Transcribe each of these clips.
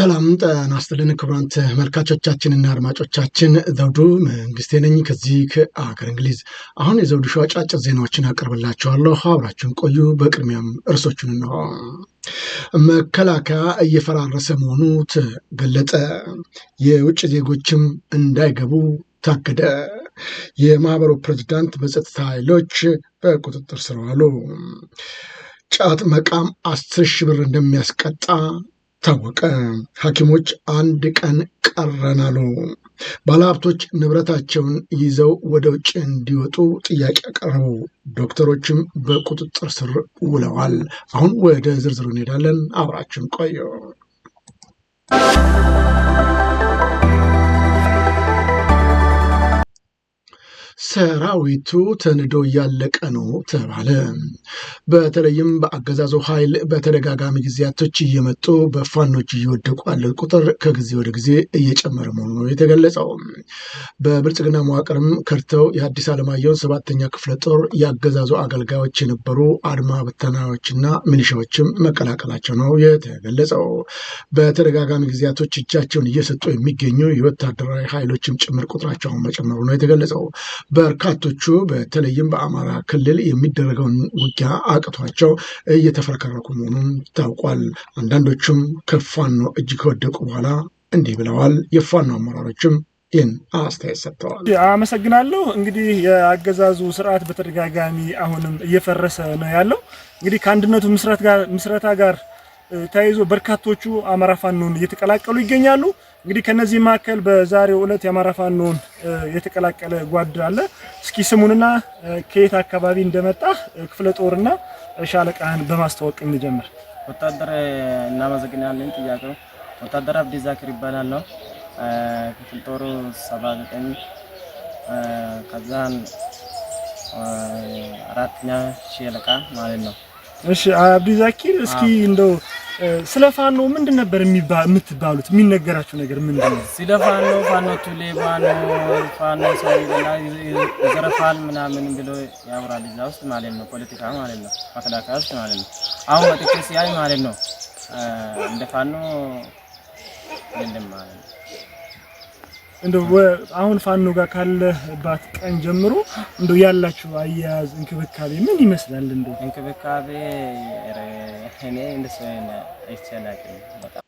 ሰላም ጤና ይስጥልን ክቡራን ተመልካቾቻችንና አድማጮቻችን ዘውዱ መንግስቴ ነኝ ከዚህ ከአገር እንግሊዝ። አሁን የዘውዱ ሾው አጫጭር ዜናዎችን አቀርብላችኋለሁ፣ አብራችሁን ቆዩ። በቅድሚያም እርሶቹን ነው። መከላከያ እየፈራረሰ መሆኑ ተገለጠ። የውጭ ዜጎችም እንዳይገቡ ታገደ። የማህበሩ ፕሬዚዳንት በጸጥታ ኃይሎች በቁጥጥር ስር ዋሉ። ጫት መቃም አስር ሺህ ብር እንደሚያስቀጣ ታወቀ። ሐኪሞች አንድ ቀን ቀረን አሉ። ባለሀብቶች ንብረታቸውን ይዘው ወደ ውጭ እንዲወጡ ጥያቄ አቀረቡ። ዶክተሮችም በቁጥጥር ስር ውለዋል። አሁን ወደ ዝርዝሩ እንሄዳለን። አብራችን ቆዩ። ሰራዊቱ ተንዶ እያለቀ ነው ተባለ። በተለይም በአገዛዙ ኃይል በተደጋጋሚ ጊዜያቶች እየመጡ በፋኖች እየወደቁ ያለ ቁጥር ከጊዜ ወደ ጊዜ እየጨመረ መሆኑ ነው የተገለጸው። በብልጽግና መዋቅርም ከርተው የአዲስ አለማየሁን ሰባተኛ ክፍለ ጦር የአገዛዙ አገልጋዮች የነበሩ አድማ ብተናዎችና ሚሊሻዎችም መቀላቀላቸው ነው የተገለጸው። በተደጋጋሚ ጊዜያቶች እጃቸውን እየሰጡ የሚገኙ የወታደራዊ ኃይሎችም ጭምር ቁጥራቸውን መጨመሩ ነው የተገለጸው። በርካቶቹ በተለይም በአማራ ክልል የሚደረገውን ውጊያ አቅቷቸው እየተፈረከረኩ መሆኑን ታውቋል። አንዳንዶቹም ከፋኖ እጅ ከወደቁ በኋላ እንዲህ ብለዋል። የፋኖ አመራሮችም ይህን አስተያየት ሰጥተዋል። አመሰግናለሁ። እንግዲህ የአገዛዙ ስርዓት በተደጋጋሚ አሁንም እየፈረሰ ነው ያለው እንግዲህ ከአንድነቱ ምስረታ ጋር ተያይዞ በርካቶቹ አማራ ፋኖን እየተቀላቀሉ ይገኛሉ። እንግዲህ ከነዚህ መካከል በዛሬው ዕለት የአማራ ፋኖን የተቀላቀለ ጓድ አለ። እስኪ ስሙንና ከየት አካባቢ እንደመጣ ክፍለ ጦርና ሻለቃህን በማስተዋወቅ እንጀምር። ወታደር እናመሰግናለን። ጥያቄው ወታደር አብዲ ዛኪር ይባላል ነው ክፍለ ጦሩ 79 ከዛን አራተኛ ሻለቃ ማለት ነው። እሺ አብዲ ዛኪር እስኪ እንደው ስለ ፋኖ ምንድን ነበር የምትባሉት? የሚነገራችሁ ነገር ምንድን ነው? ስለ ፋኖ ፋኖ ቱሌ ፋኖ ፋኖ ሰው ዘረፋል ምናምን ብሎ ያወራል። እዛ ውስጥ ማለት ነው ፖለቲካ ማለት ነው መከላከያ ውስጥ ማለት ነው። አሁን መጥቼ ሲያይ ማለት ነው እንደ ፋኖ ምንድን ማለት ነው እንደው አሁን ፋኖ ጋር ካለባት ቀን ጀምሮ እንደው ያላችሁ አያያዝ እንክብካቤ ምን ይመስላል? እንደው እንክብካቤ እኔ እንደሰነ አይቻላቅም በጣም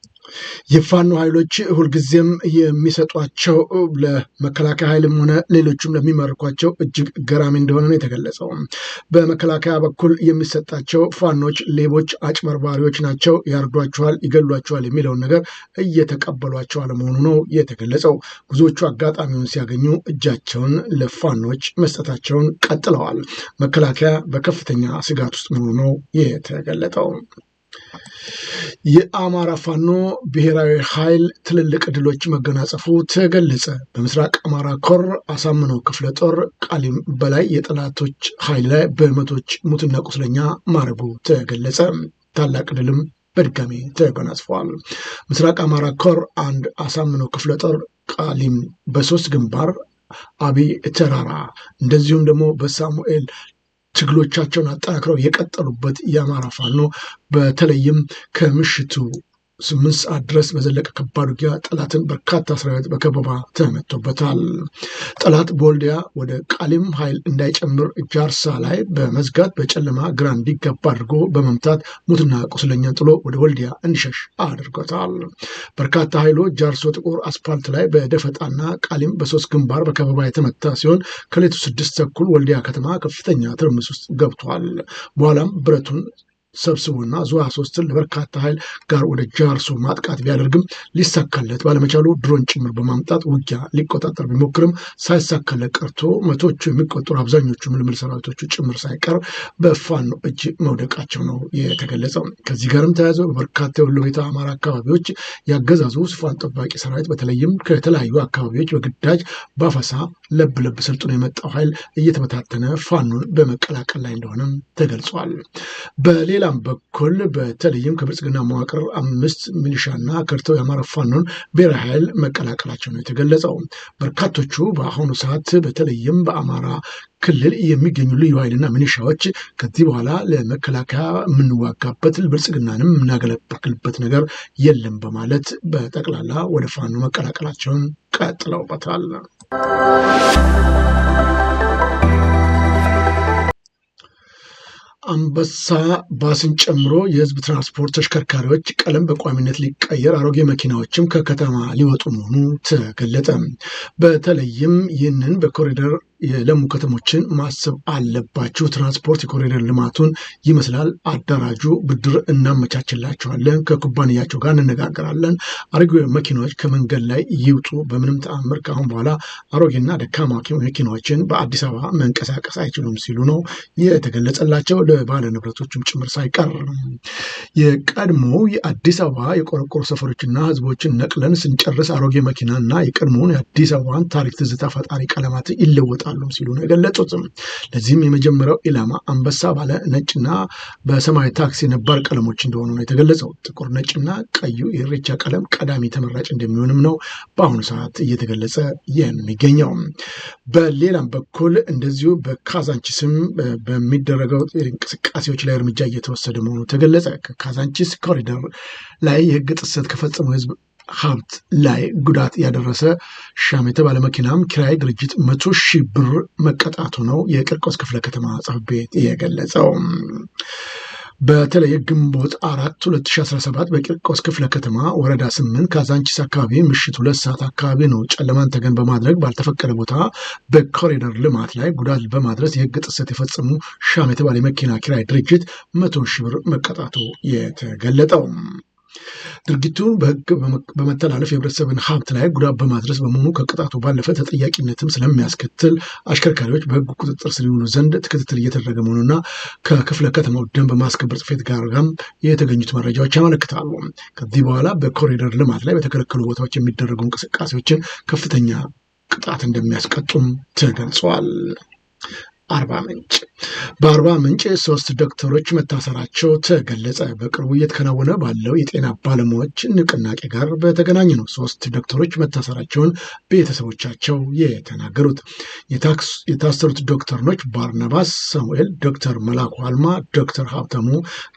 የፋኖ ኃይሎች ሁልጊዜም የሚሰጧቸው ለመከላከያ ኃይልም ሆነ ሌሎችም ለሚመርኳቸው እጅግ ገራሚ እንደሆነ ነው የተገለጸው። በመከላከያ በኩል የሚሰጣቸው ፋኖች ሌቦች፣ አጭበርባሪዎች ናቸው፣ ያርዷቸዋል፣ ይገሏቸዋል የሚለውን ነገር እየተቀበሏቸው አለመሆኑ ነው የተገለጸው። ብዙዎቹ አጋጣሚውን ሲያገኙ እጃቸውን ለፋኖች መስጠታቸውን ቀጥለዋል። መከላከያ በከፍተኛ ስጋት ውስጥ መሆኑ ነው የተገለጠው። የአማራ ፋኖ ብሔራዊ ኃይል ትልልቅ ድሎች መገናጸፉ ተገለጸ። በምስራቅ አማራ ኮር አሳምነው ክፍለ ጦር ቃሊም በላይ የጠላቶች ኃይል ላይ በመቶች ሙትና ቁስለኛ ማረጉ ተገለጸ። ታላቅ ድልም በድጋሚ ተጎናጽፏል። ምስራቅ አማራ ኮር አንድ አሳምነው ክፍለ ጦር ቃሊም በሶስት ግንባር አቢ ተራራ እንደዚሁም ደግሞ በሳሙኤል ትግሎቻቸውን አጠናክረው የቀጠሉበት የአማራ ፋኖ በተለይም ከምሽቱ ስምንት ሰዓት ድረስ በዘለቀ ከባድ ውጊያ ጠላትን በርካታ ሰራዊት በከበባ ተመቶበታል። ጠላት በወልዲያ ወደ ቃሊም ኃይል እንዳይጨምር ጃርሳ ላይ በመዝጋት በጨለማ ግራ እንዲገባ አድርጎ በመምታት ሙትና ቁስለኛን ጥሎ ወደ ወልዲያ እንዲሸሽ አድርጎታል። በርካታ ኃይሎ ጃርሶ ጥቁር አስፓልት ላይ በደፈጣና ቃሊም በሶስት ግንባር በከበባ የተመታ ሲሆን ከሌቱ ስድስት ተኩል ወልዲያ ከተማ ከፍተኛ ትርምስ ውስጥ ገብቷል። በኋላም ብረቱን ሰብስቦና 23 ሶስትን ለበርካታ ኃይል ጋር ወደ ጃርሶ ማጥቃት ቢያደርግም ሊሳካለት ባለመቻሉ ድሮን ጭምር በማምጣት ውጊያ ሊቆጣጠር ቢሞክርም ሳይሳካለት ቀርቶ መቶቹ የሚቆጠሩ አብዛኞቹ ምልምል ሰራዊቶቹ ጭምር ሳይቀር በፋኖ እጅ መውደቃቸው ነው የተገለጸው። ከዚህ ጋርም ተያይዘው በበርካታ የወሎቤታ አማራ አካባቢዎች ያገዛዙ ስፋን ጠባቂ ሰራዊት በተለይም ከተለያዩ አካባቢዎች በግዳጅ ባፈሳ ለብ ለብ ሰልጥኖ የመጣው ኃይል እየተበታተነ ፋኖን በመቀላቀል ላይ እንደሆነም ተገልጿል። በሌላም በኩል በተለይም ከብልጽግና መዋቅር አምስት ሚሊሻና ከርተው የአማራ ፋኖን ብሔራዊ ኃይል መቀላቀላቸው ነው የተገለጸው። በርካቶቹ በአሁኑ ሰዓት በተለይም በአማራ ክልል የሚገኙ ልዩ ኃይልና ሚኒሻዎች ከዚህ በኋላ ለመከላከያ የምንዋጋበት ብልጽግናንም የምናገለባክልበት ነገር የለም በማለት በጠቅላላ ወደ ፋኖ መቀላቀላቸውን ቀጥለውበታል። አንበሳ ባስን ጨምሮ የህዝብ ትራንስፖርት ተሽከርካሪዎች ቀለም በቋሚነት ሊቀየር አሮጌ መኪናዎችም ከከተማ ሊወጡ መሆኑ ተገለጠ። በተለይም ይህንን በኮሪደር የለሙ ከተሞችን ማሰብ አለባችሁ። ትራንስፖርት የኮሪደር ልማቱን ይመስላል። አዳራጁ ብድር እናመቻችላቸዋለን፣ ከኩባንያቸው ጋር እንነጋገራለን። አሮጌ መኪናዎች ከመንገድ ላይ ይውጡ። በምንም ተአምር ከአሁን በኋላ አሮጌና ደካማ መኪናዎችን በአዲስ አበባ መንቀሳቀስ አይችሉም ሲሉ ነው የተገለጸላቸው ለባለ ንብረቶችም ጭምር ሳይቀር። የቀድሞ የአዲስ አበባ የቆረቆሮ ሰፈሮችና ህዝቦችን ነቅለን ስንጨርስ አሮጌ መኪናና የቀድሞውን የአዲስ አበባን ታሪክ ትዝታ ፈጣሪ ቀለማት ይለወጣል ይጠብቃሉ ሲሉ ነው የገለጹትም። ለዚህም የመጀመሪያው ኢላማ አንበሳ ባለ ነጭና በሰማያዊ ታክሲ ነባር ቀለሞች እንደሆኑ ነው የተገለጸው። ጥቁር ነጭና ቀዩ የኢሬቻ ቀለም ቀዳሚ ተመራጭ እንደሚሆንም ነው በአሁኑ ሰዓት እየተገለጸ የሚገኘው። በሌላም በኩል እንደዚሁ በካዛንቺስም በሚደረገው እንቅስቃሴዎች ላይ እርምጃ እየተወሰደ መሆኑ ተገለጸ። ከካዛንቺስ ኮሪደር ላይ የህግ ጥሰት ከፈጸሙ ህዝብ ሀብት ላይ ጉዳት ያደረሰ ሻም የተባለ መኪናም ኪራይ ድርጅት መቶ ሺህ ብር መቀጣቱ ነው የቂርቆስ ክፍለ ከተማ ጽሕፈት ቤት የገለጸው። በተለይ ግንቦት አራት 2017 በቂርቆስ ክፍለ ከተማ ወረዳ ስምንት ካዛንቺስ አካባቢ ምሽት ሁለት ሰዓት አካባቢ ነው ጨለማን ተገን በማድረግ ባልተፈቀደ ቦታ በኮሪደር ልማት ላይ ጉዳት በማድረስ የህግ ጥሰት የፈጸሙ ሻም የተባለ የመኪና ኪራይ ድርጅት መቶ ሺህ ብር መቀጣቱ የተገለጠው ድርጊቱን በህግ በመተላለፍ የህብረተሰብን ሀብት ላይ ጉዳት በማድረስ በመሆኑ ከቅጣቱ ባለፈ ተጠያቂነትም ስለሚያስከትል አሽከርካሪዎች በህግ ቁጥጥር ስር ይውሉ ዘንድ ክትትል እየተደረገ መሆኑና ከክፍለ ከተማው ደንብ ማስከበር ጽፌት ጋር ጋም የተገኙት መረጃዎች ያመለክታሉ። ከዚህ በኋላ በኮሪደር ልማት ላይ በተከለከሉ ቦታዎች የሚደረጉ እንቅስቃሴዎችን ከፍተኛ ቅጣት እንደሚያስቀጡም ተገልጿል። አርባ ምንጭ በአርባ ምንጭ ሶስት ዶክተሮች መታሰራቸው ተገለጸ። በቅርቡ እየተከናወነ ባለው የጤና ባለሙያዎች ንቅናቄ ጋር በተገናኘ ነው ሶስት ዶክተሮች መታሰራቸውን ቤተሰቦቻቸው የተናገሩት። የታሰሩት ዶክተርኖች ባርናባስ ሳሙኤል፣ ዶክተር መላኩ አልማ፣ ዶክተር ሀብተሙ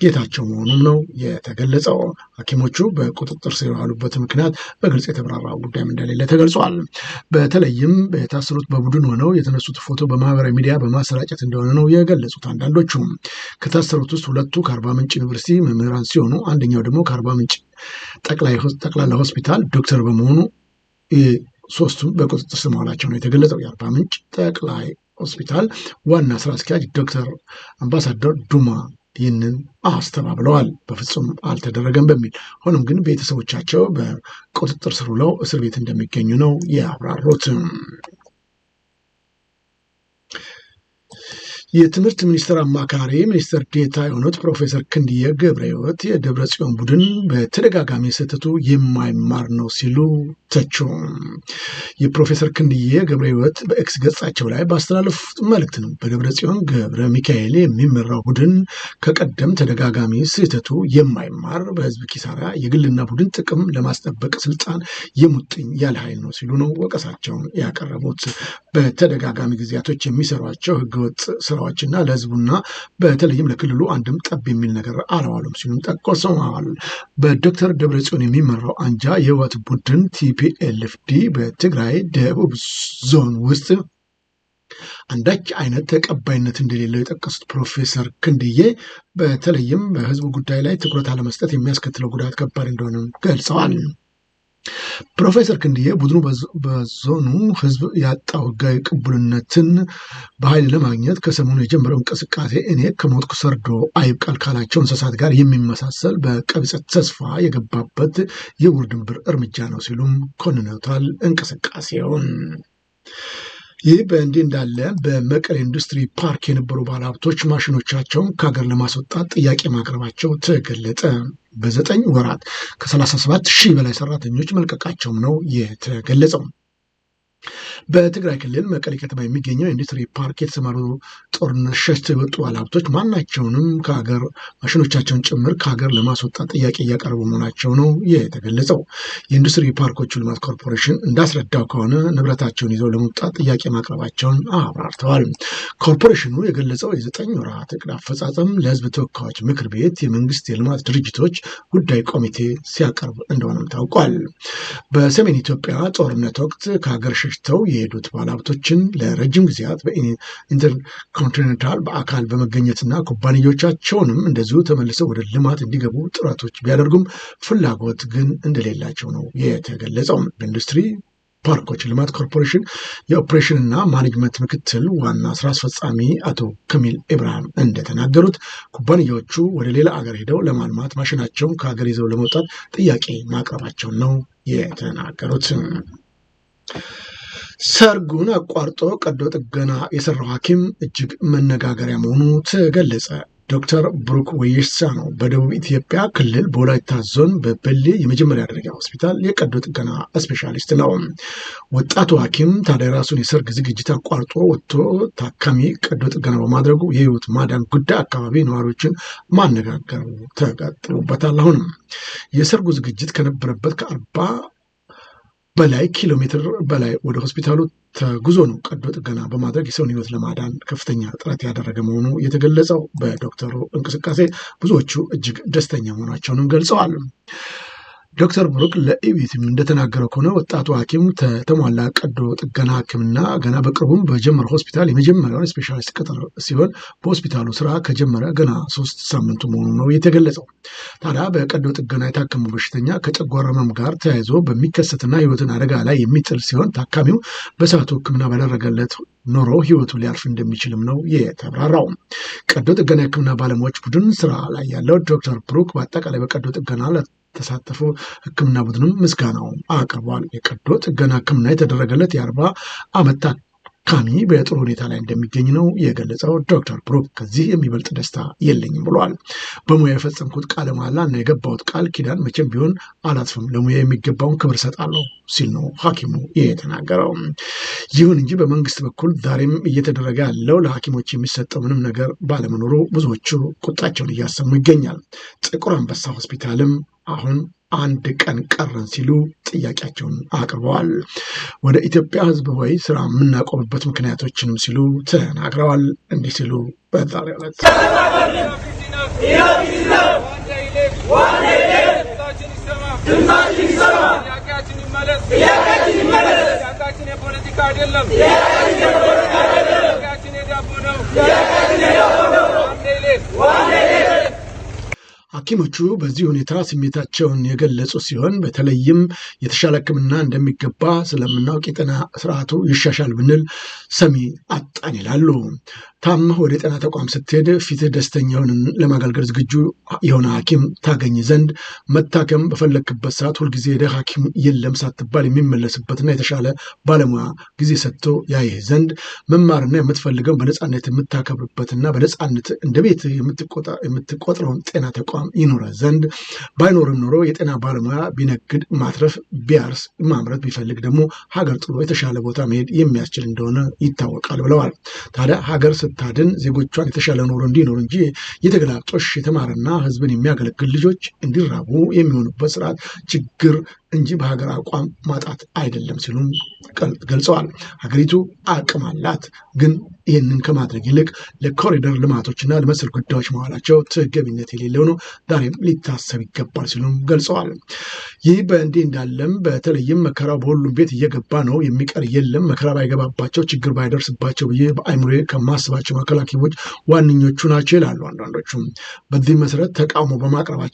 ጌታቸው መሆኑም ነው የተገለጸው። ሐኪሞቹ በቁጥጥር ስር የዋሉበት ምክንያት በግልጽ የተብራራ ጉዳይም እንደሌለ ተገልጿል። በተለይም የታሰሩት በቡድን ሆነው የተነሱት ፎቶ በማህበራዊ ሚዲያ በማሰራጨት እንደሆነ ነው የገለጹት። አንዳንዶቹ ከታሰሩት ውስጥ ሁለቱ ከአርባ ምንጭ ዩኒቨርሲቲ መምህራን ሲሆኑ አንደኛው ደግሞ ከአርባ ምንጭ ጠቅላላ ሆስፒታል ዶክተር በመሆኑ ሶስቱም በቁጥጥር ስር መዋላቸው ነው የተገለጸው። የአርባ ምንጭ ጠቅላይ ሆስፒታል ዋና ስራ አስኪያጅ ዶክተር አምባሳደር ዱማ ይህንን አስተባብለዋል። በፍጹም አልተደረገም በሚል ሆኖም ግን ቤተሰቦቻቸው በቁጥጥር ስር ውለው እስር ቤት እንደሚገኙ ነው ያብራሩት። የትምህርት ሚኒስቴር አማካሪ ሚኒስትር ዴታ የሆኑት ፕሮፌሰር ክንድየ ገብረ ህይወት የደብረ ጽዮን ቡድን በተደጋጋሚ ስህተቱ የማይማር ነው ሲሉ ተቹ። የፕሮፌሰር ክንድየ ገብረ ህይወት በኤክስ ገጻቸው ላይ ባስተላለፉት መልእክት ነው በደብረ ጽዮን ገብረ ሚካኤል የሚመራው ቡድን ከቀደም ተደጋጋሚ ስህተቱ የማይማር በህዝብ ኪሳራ የግልና ቡድን ጥቅም ለማስጠበቅ ስልጣን የሙጥኝ ያለ ኃይል ነው ሲሉ ነው ወቀሳቸውን ያቀረቡት። በተደጋጋሚ ጊዜያቶች የሚሰሯቸው ህገወጥ ስራ አዋጅና ለህዝቡና በተለይም ለክልሉ አንድም ጠብ የሚል ነገር አለዋሉም ሲሉም ጠቆሰዋል። በዶክተር ደብረጽዮን የሚመራው አንጃ የህወሓት ቡድን ቲፒኤልኤፍዲ በትግራይ ደቡብ ዞን ውስጥ አንዳች አይነት ተቀባይነት እንደሌለው የጠቀሱት ፕሮፌሰር ክንድዬ በተለይም በህዝቡ ጉዳይ ላይ ትኩረት አለመስጠት የሚያስከትለው ጉዳት ከባድ እንደሆነ ገልጸዋል። ፕሮፌሰር ክንድዬ ቡድኑ በዞኑ ህዝብ ያጣው ህጋዊ ቅቡልነትን በኃይል ለማግኘት ከሰሞኑ የጀመረው እንቅስቃሴ እኔ ከሞትኩ ሰርዶ አይብቀል ካላቸው እንስሳት ጋር የሚመሳሰል በቀቢጸ ተስፋ የገባበት የውርድንብር እርምጃ ነው ሲሉም ኮንነቷል እንቅስቃሴውን። ይህ በእንዲህ እንዳለ በመቀሌ ኢንዱስትሪ ፓርክ የነበሩ ባለሀብቶች ማሽኖቻቸውን ከሀገር ለማስወጣት ጥያቄ ማቅረባቸው ተገለጠ። በዘጠኝ ወራት ከ37 ሺህ በላይ ሰራተኞች መልቀቃቸውም ነው የተገለጸው። በትግራይ ክልል መቀሌ ከተማ የሚገኘው የኢንዱስትሪ ፓርክ የተሰማሩ ጦርነት ሸሽተው የወጡ ባለሀብቶች ማናቸውንም ከሀገር ማሽኖቻቸውን ጭምር ከሀገር ለማስወጣት ጥያቄ እያቀረቡ መሆናቸው ነው የተገለጸው። የኢንዱስትሪ ፓርኮቹ ልማት ኮርፖሬሽን እንዳስረዳው ከሆነ ንብረታቸውን ይዘው ለመውጣት ጥያቄ ማቅረባቸውን አብራርተዋል። ኮርፖሬሽኑ የገለጸው የዘጠኝ ወራት እቅድ አፈጻጸም ለህዝብ ተወካዮች ምክር ቤት የመንግስት የልማት ድርጅቶች ጉዳይ ኮሚቴ ሲያቀርብ እንደሆነም ታውቋል። በሰሜን ኢትዮጵያ ጦርነት ወቅት ከሀገር ሸሽ ሸሽተው የሄዱት ባለሀብቶችን ለረጅም ጊዜያት በኢንተርኮንቲኔንታል በአካል በመገኘትና ኩባንያዎቻቸውንም እንደዚሁ ተመልሰው ወደ ልማት እንዲገቡ ጥረቶች ቢያደርጉም ፍላጎት ግን እንደሌላቸው ነው የተገለጸው። በኢንዱስትሪ ፓርኮች ልማት ኮርፖሬሽን የኦፕሬሽንና ማኔጅመንት ምክትል ዋና ስራ አስፈጻሚ አቶ ከሚል ኢብርሃም እንደተናገሩት ኩባንያዎቹ ወደ ሌላ አገር ሄደው ለማልማት ማሽናቸውን ከሀገር ይዘው ለመውጣት ጥያቄ ማቅረባቸውን ነው የተናገሩት። ሰርጉን አቋርጦ ቀዶ ጥገና የሰራው ሐኪም እጅግ መነጋገሪያ መሆኑ ተገለጸ። ዶክተር ብሩክ ወይሳ ነው በደቡብ ኢትዮጵያ ክልል በወላይታ ዞን በበሌ የመጀመሪያ ደረጃ ሆስፒታል የቀዶ ጥገና ስፔሻሊስት ነው። ወጣቱ ሐኪም ታዲያ ራሱን የሰርግ ዝግጅት አቋርጦ ወጥቶ ታካሚ ቀዶ ጥገና በማድረጉ የህይወት ማዳን ጉዳይ አካባቢ ነዋሪዎችን ማነጋገሩ ተቀጥሎበታል። አሁንም የሰርጉ ዝግጅት ከነበረበት ከአርባ በላይ ኪሎ ሜትር በላይ ወደ ሆስፒታሉ ተጉዞ ነው ቀዶ ጥገና በማድረግ የሰውን ህይወት ለማዳን ከፍተኛ ጥረት ያደረገ መሆኑ የተገለጸው በዶክተሩ እንቅስቃሴ ብዙዎቹ እጅግ ደስተኛ መሆናቸውንም ገልጸዋል። ዶክተር ብሩክ ለኢቢሲም እንደተናገረው ከሆነ ወጣቱ ሐኪም ተሟላ ቀዶ ጥገና ሕክምና ገና በቅርቡም በጀመረ ሆስፒታል የመጀመሪያውን ስፔሻሊስት ቅጥር ሲሆን በሆስፒታሉ ስራ ከጀመረ ገና ሶስት ሳምንቱ መሆኑ ነው የተገለጸው። ታዲያ በቀዶ ጥገና የታከሙ በሽተኛ ከጨጓራ ህመም ጋር ተያይዞ በሚከሰትና ህይወትን አደጋ ላይ የሚጥል ሲሆን ታካሚው በሰዓቱ ሕክምና ባደረገለት ኖሮ ህይወቱ ሊያልፍ እንደሚችልም ነው የተብራራው። ቀዶ ጥገና የህክምና ባለሙያዎች ቡድን ስራ ላይ ያለው ዶክተር ብሩክ በአጠቃላይ በቀዶ ጥገና የተሳተፉ ህክምና ቡድንም ምስጋናው አቅርቧል። የቀዶ ጥገና ህክምና የተደረገለት የአርባ አመት ታካሚ በጥሩ ሁኔታ ላይ እንደሚገኝ ነው የገለጸው። ዶክተር ብሩክ ከዚህ የሚበልጥ ደስታ የለኝም ብለዋል። በሙያ የፈጸምኩት ቃለ መሃላ እና የገባሁት ቃል ኪዳን መቼም ቢሆን አላጥፍም፣ ለሙያ የሚገባውን ክብር እሰጣለሁ ሲል ነው ሐኪሙ የተናገረው። ይሁን እንጂ በመንግስት በኩል ዛሬም እየተደረገ ያለው ለሐኪሞች የሚሰጠው ምንም ነገር ባለመኖሩ ብዙዎቹ ቁጣቸውን እያሰሙ ይገኛል። ጥቁር አንበሳ ሆስፒታልም አሁን አንድ ቀን ቀረን ሲሉ ጥያቄያቸውን አቅርበዋል። ወደ ኢትዮጵያ ሕዝብ ወይ ስራ የምናቆምበት ምክንያቶችንም ሲሉ ተናግረዋል። እንዲህ ሲሉ በዛሬው ዕለት የፖለቲካ አይደለም፣ የዳቦ ነው። ሐኪሞቹ በዚህ ሁኔታ ስሜታቸውን የገለጹ ሲሆን በተለይም የተሻለ ሕክምና እንደሚገባ ስለምናውቅ የጤና ስርዓቱ ይሻሻል ብንል ሰሚ አጣን ይላሉ። ታምህ ወደ ጤና ተቋም ስትሄድ ፊትህ ደስተኛውን ለማገልገል ዝግጁ የሆነ ሐኪም ታገኝ ዘንድ መታከም በፈለግክበት ሰዓት ሁልጊዜ ሄደህ ሐኪም የለም ሳትባል የሚመለስበትና የተሻለ ባለሙያ ጊዜ ሰጥቶ ያይህ ዘንድ መማርና የምትፈልገውን በነፃነት የምታከብርበትና በነፃነት እንደ ቤት የምትቆጥረውን ጤና ተቋም ይኖራት ዘንድ ባይኖርም ኖሮ የጤና ባለሙያ ቢነግድ ማትረፍ ቢያርስ ማምረት ቢፈልግ ደግሞ ሀገር ጥሎ የተሻለ ቦታ መሄድ የሚያስችል እንደሆነ ይታወቃል ብለዋል። ታዲያ ሀገር ስታድን ዜጎቿን የተሻለ ኖሮ እንዲኖር እንጂ የተገላጦሽ የተማረና ህዝብን የሚያገለግል ልጆች እንዲራቡ የሚሆኑበት ስርዓት ችግር እንጂ በሀገር አቋም ማጣት አይደለም ሲሉም ገልጸዋል። ሀገሪቱ አቅም አላት፣ ግን ይህንን ከማድረግ ይልቅ ለኮሪደር ልማቶችና ለመሰል ጉዳዮች መዋላቸው ተገቢነት የሌለው ነው፣ ዛሬም ሊታሰብ ይገባል ሲሉም ገልጸዋል። ይህ በእንዲህ እንዳለም በተለይም መከራ በሁሉም ቤት እየገባ ነው፣ የሚቀር የለም። መከራ ባይገባባቸው ችግር ባይደርስባቸው ብዬ በአይምሮዬ ከማስባቸው መከላከያዎች ዋነኞቹ ናቸው ይላሉ አንዳንዶቹ። በዚህ መሰረት ተቃውሞ በማቅረባቸው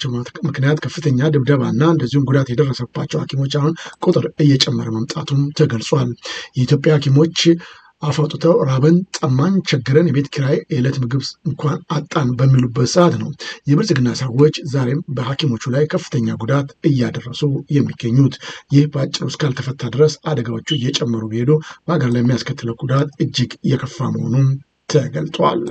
ምክንያት ከፍተኛ ድብደባና እንደዚሁም ጉዳት የደረሰባቸው ያላቸው ሐኪሞች አሁን ቁጥር እየጨመረ መምጣቱም ተገልጿል። የኢትዮጵያ ሐኪሞች አፋጡተው ራበን፣ ጠማን፣ ቸግረን የቤት ኪራይ የዕለት ምግብ እንኳን አጣን በሚሉበት ሰዓት ነው የብልጽግና ሰዎች ዛሬም በሐኪሞቹ ላይ ከፍተኛ ጉዳት እያደረሱ የሚገኙት። ይህ በአጭሩ እስካልተፈታ ድረስ አደጋዎቹ እየጨመሩ ቢሄዱ በሀገር ላይ የሚያስከትለው ጉዳት እጅግ የከፋ መሆኑም ተገልጧል።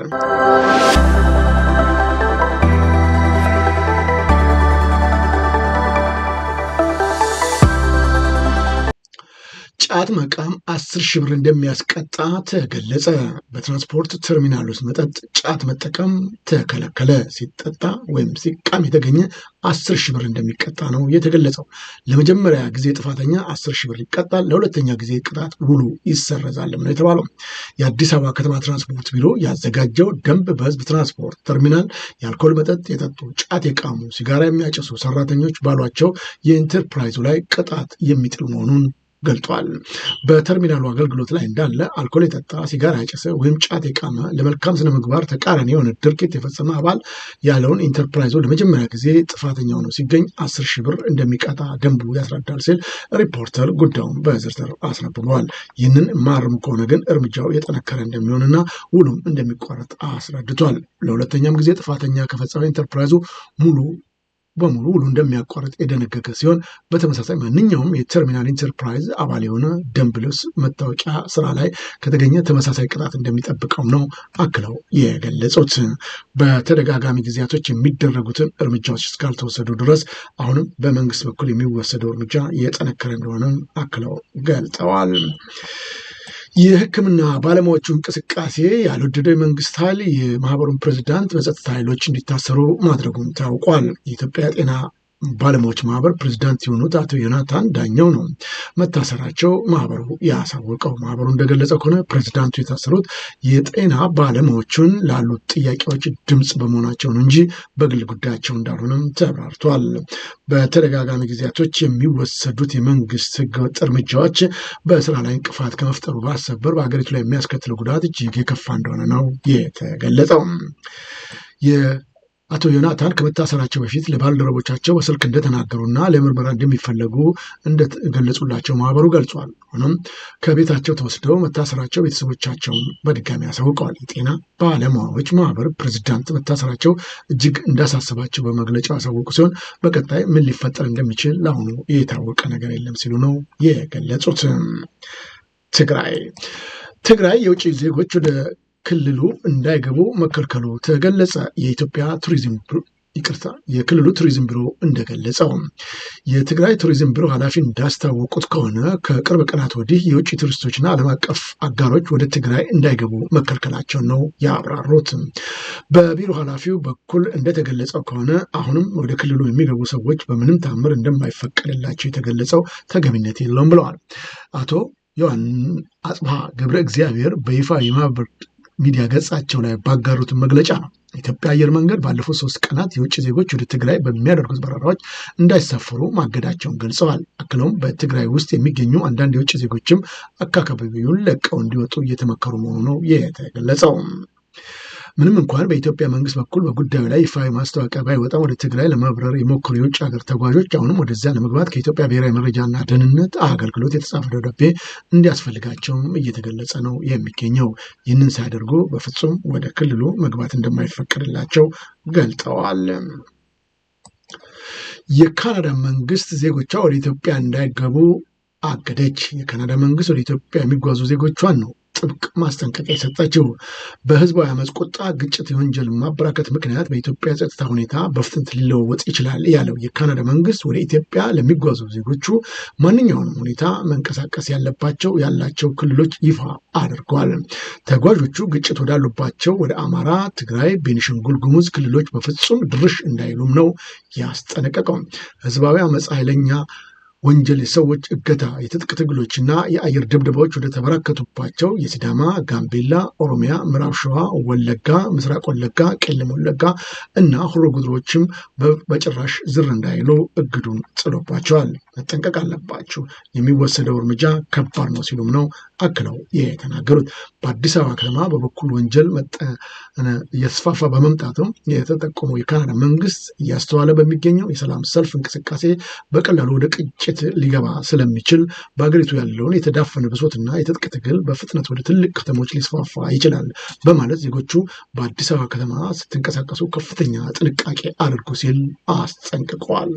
ቅጣት መቃም አስር ሺህ ብር እንደሚያስቀጣ ተገለጸ። በትራንስፖርት ተርሚናል ውስጥ መጠጥ ጫት መጠቀም ተከለከለ። ሲጠጣ ወይም ሲቃም የተገኘ አስር ሺህ ብር እንደሚቀጣ ነው የተገለጸው። ለመጀመሪያ ጊዜ ጥፋተኛ አስር ሺህ ብር ይቀጣል። ለሁለተኛ ጊዜ ቅጣት ውሉ ይሰረዛልም ነው የተባለው። የአዲስ አበባ ከተማ ትራንስፖርት ቢሮ ያዘጋጀው ደንብ በህዝብ ትራንስፖርት ተርሚናል የአልኮል መጠጥ የጠጡ፣ ጫት የቃሙ፣ ሲጋራ የሚያጨሱ ሰራተኞች ባሏቸው የኢንተርፕራይዙ ላይ ቅጣት የሚጥል መሆኑን ገልጧል። በተርሚናሉ አገልግሎት ላይ እንዳለ አልኮል የጠጣ ሲጋራ ያጨሰ ወይም ጫት የቃመ ለመልካም ስነ ምግባር ተቃራኒ የሆነ ድርጊት የፈጸመ አባል ያለውን ኢንተርፕራይዙ ለመጀመሪያ ጊዜ ጥፋተኛ ሆኖ ሲገኝ አስር ሺህ ብር እንደሚቀጣ ደንቡ ያስረዳል ሲል ሪፖርተር ጉዳዩን በዝርዝር አስነብበዋል። ይህንን ማርም ከሆነ ግን እርምጃው የጠነከረ እንደሚሆንና ውሉም እንደሚቋረጥ አስረድቷል። ለሁለተኛም ጊዜ ጥፋተኛ ከፈጸመ ኢንተርፕራይዙ ሙሉ በሙሉ ውሉ እንደሚያቋርጥ የደነገገ ሲሆን በተመሳሳይ ማንኛውም የተርሚናል ኢንተርፕራይዝ አባል የሆነ ደንብ ልብስ መታወቂያ ስራ ላይ ከተገኘ ተመሳሳይ ቅጣት እንደሚጠብቀው ነው አክለው የገለጹት። በተደጋጋሚ ጊዜያቶች የሚደረጉትን እርምጃዎች እስካልተወሰዱ ድረስ አሁንም በመንግስት በኩል የሚወሰደው እርምጃ የጠነከረ እንደሆነ አክለው ገልጠዋል። የህክምና ባለሙያዎቹ እንቅስቃሴ ያልወደደው የመንግስት ኃይል የማህበሩን ፕሬዚዳንት በጸጥታ ኃይሎች እንዲታሰሩ ማድረጉም ታውቋል። የኢትዮጵያ ጤና ባለሙያዎች ማህበር ፕሬዚዳንት የሆኑት አቶ ዮናታን ዳኛው ነው መታሰራቸው ማህበሩ ያሳወቀው። ማህበሩ እንደገለጸ ከሆነ ፕሬዚዳንቱ የታሰሩት የጤና ባለሙያዎቹን ላሉት ጥያቄዎች ድምፅ በመሆናቸው ነው እንጂ በግል ጉዳያቸው እንዳልሆነም ተብራርቷል። በተደጋጋሚ ጊዜያቶች የሚወሰዱት የመንግስት ህገወጥ እርምጃዎች በስራ ላይ እንቅፋት ከመፍጠሩ ባሰበር በሀገሪቱ ላይ የሚያስከትለው ጉዳት እጅግ የከፋ እንደሆነ ነው የተገለጸው። አቶ ዮናታን ከመታሰራቸው በፊት ለባልደረቦቻቸው በስልክ እንደተናገሩና ለምርመራ እንደሚፈለጉ እንደገለጹላቸው ማህበሩ ገልጿል። ሆኖም ከቤታቸው ተወስደው መታሰራቸው ቤተሰቦቻቸውን በድጋሚ አሳውቀዋል። የጤና ባለሙያዎች ማህበር ፕሬዚዳንት መታሰራቸው እጅግ እንዳሳሰባቸው በመግለጫው ያሳወቁ ሲሆን በቀጣይ ምን ሊፈጠር እንደሚችል ለአሁኑ የታወቀ ነገር የለም ሲሉ ነው የገለጹት። ትግራይ ትግራይ የውጭ ዜጎች ወደ ክልሉ እንዳይገቡ መከልከሉ ተገለጸ። የኢትዮጵያ ቱሪዝም ይቅርታ የክልሉ ቱሪዝም ቢሮ እንደገለጸው የትግራይ ቱሪዝም ቢሮ ኃላፊ እንዳስታወቁት ከሆነ ከቅርብ ቀናት ወዲህ የውጭ ቱሪስቶችና ዓለም አቀፍ አጋሮች ወደ ትግራይ እንዳይገቡ መከልከላቸውን ነው ያብራሩት። በቢሮ ኃላፊው በኩል እንደተገለጸው ከሆነ አሁንም ወደ ክልሉ የሚገቡ ሰዎች በምንም ታምር እንደማይፈቀድላቸው የተገለጸው ተገቢነት የለውም ብለዋል። አቶ ዮሐን አጽብሃ ገብረ እግዚአብሔር በይፋ የማህበር ሚዲያ ገጻቸው ላይ ባጋሩት መግለጫ ነው። የኢትዮጵያ አየር መንገድ ባለፉት ሶስት ቀናት የውጭ ዜጎች ወደ ትግራይ በሚያደርጉት በረራዎች እንዳይሳፈሩ ማገዳቸውን ገልጸዋል። አክለውም በትግራይ ውስጥ የሚገኙ አንዳንድ የውጭ ዜጎችም አካባቢውን ለቀው እንዲወጡ እየተመከሩ መሆኑ ነው የተገለጸው። ምንም እንኳን በኢትዮጵያ መንግስት በኩል በጉዳዩ ላይ ይፋዊ ማስታወቂያ ባይወጣም ወደ ትግራይ ለመብረር የሞከሩ የውጭ ሀገር ተጓዦች አሁንም ወደዚያ ለመግባት ከኢትዮጵያ ብሔራዊ መረጃና ደህንነት አገልግሎት የተጻፈ ደብዳቤ እንዲያስፈልጋቸውም እየተገለጸ ነው የሚገኘው። ይህንን ሳያደርጉ በፍጹም ወደ ክልሉ መግባት እንደማይፈቀድላቸው ገልጠዋል። የካናዳ መንግስት ዜጎቿ ወደ ኢትዮጵያ እንዳይገቡ አገደች። የካናዳ መንግስት ወደ ኢትዮጵያ የሚጓዙ ዜጎቿን ነው ጥብቅ ማስጠንቀቂያ የሰጠችው በህዝባዊ አመፅ፣ ቁጣ፣ ግጭት፣ የወንጀል ማበራከት ምክንያት በኢትዮጵያ ጸጥታ ሁኔታ በፍጥነት ሊለወጥ ይችላል ያለው የካናዳ መንግስት ወደ ኢትዮጵያ ለሚጓዙ ዜጎቹ ማንኛውንም ሁኔታ መንቀሳቀስ ያለባቸው ያላቸው ክልሎች ይፋ አድርገዋል። ተጓዦቹ ግጭት ወዳሉባቸው ወደ አማራ፣ ትግራይ፣ ቤኒሻንጉል ጉሙዝ ክልሎች በፍጹም ድርሽ እንዳይሉም ነው ያስጠነቀቀው። ህዝባዊ አመፅ ኃይለኛ ወንጀል የሰዎች እገታ፣ የትጥቅ ትግሎችና የአየር ድብደባዎች ወደ ተበራከቱባቸው የሲዳማ፣ ጋምቤላ፣ ኦሮሚያ፣ ምዕራብ ሸዋ፣ ወለጋ፣ ምስራቅ ወለጋ፣ ቄለም ወለጋ እና ሆሮ በጭራሽ ዝር እንዳይሉ እግዱን ጥሎባቸዋል። መጠንቀቅ አለባችሁ። የሚወሰደው እርምጃ ከባድ ነው ሲሉም ነው አክለው የተናገሩት። በአዲስ አበባ ከተማ በበኩል ወንጀል መጠነ እየተስፋፋ በመምጣቱም የተጠቆመው የካናዳ መንግስት እያስተዋለ በሚገኘው የሰላም ሰልፍ እንቅስቃሴ በቀላሉ ወደ ቅጭት ሊገባ ስለሚችል በሀገሪቱ ያለውን የተዳፈነ ብሶትና የትጥቅ ትግል በፍጥነት ወደ ትልቅ ከተሞች ሊስፋፋ ይችላል በማለት ዜጎቹ በአዲስ አበባ ከተማ ስትንቀሳቀሱ ከፍተኛ ጥንቃቄ አድርጉ ሲል አስጠንቅቀዋል።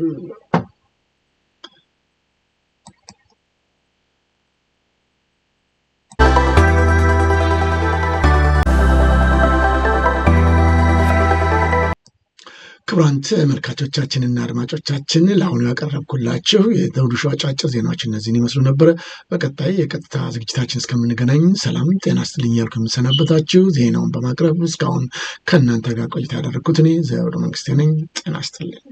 ክቡራን ተመልካቾቻችንና አድማጮቻችን ለአሁኑ ያቀረብኩላችሁ የዘውዱ ሾው አጫጭር ዜናዎች እነዚህን ይመስሉ ነበረ። በቀጣይ የቀጥታ ዝግጅታችን እስከምንገናኝ ሰላም ጤና ይስጥልኝ እያልኩ የምሰናበታችሁ ዜናውን በማቅረብ እስካሁን ከእናንተ ጋር ቆይታ ያደረግኩት እኔ ዘውዱ መንግስቴ ነኝ። ጤና ይስጥልኝ።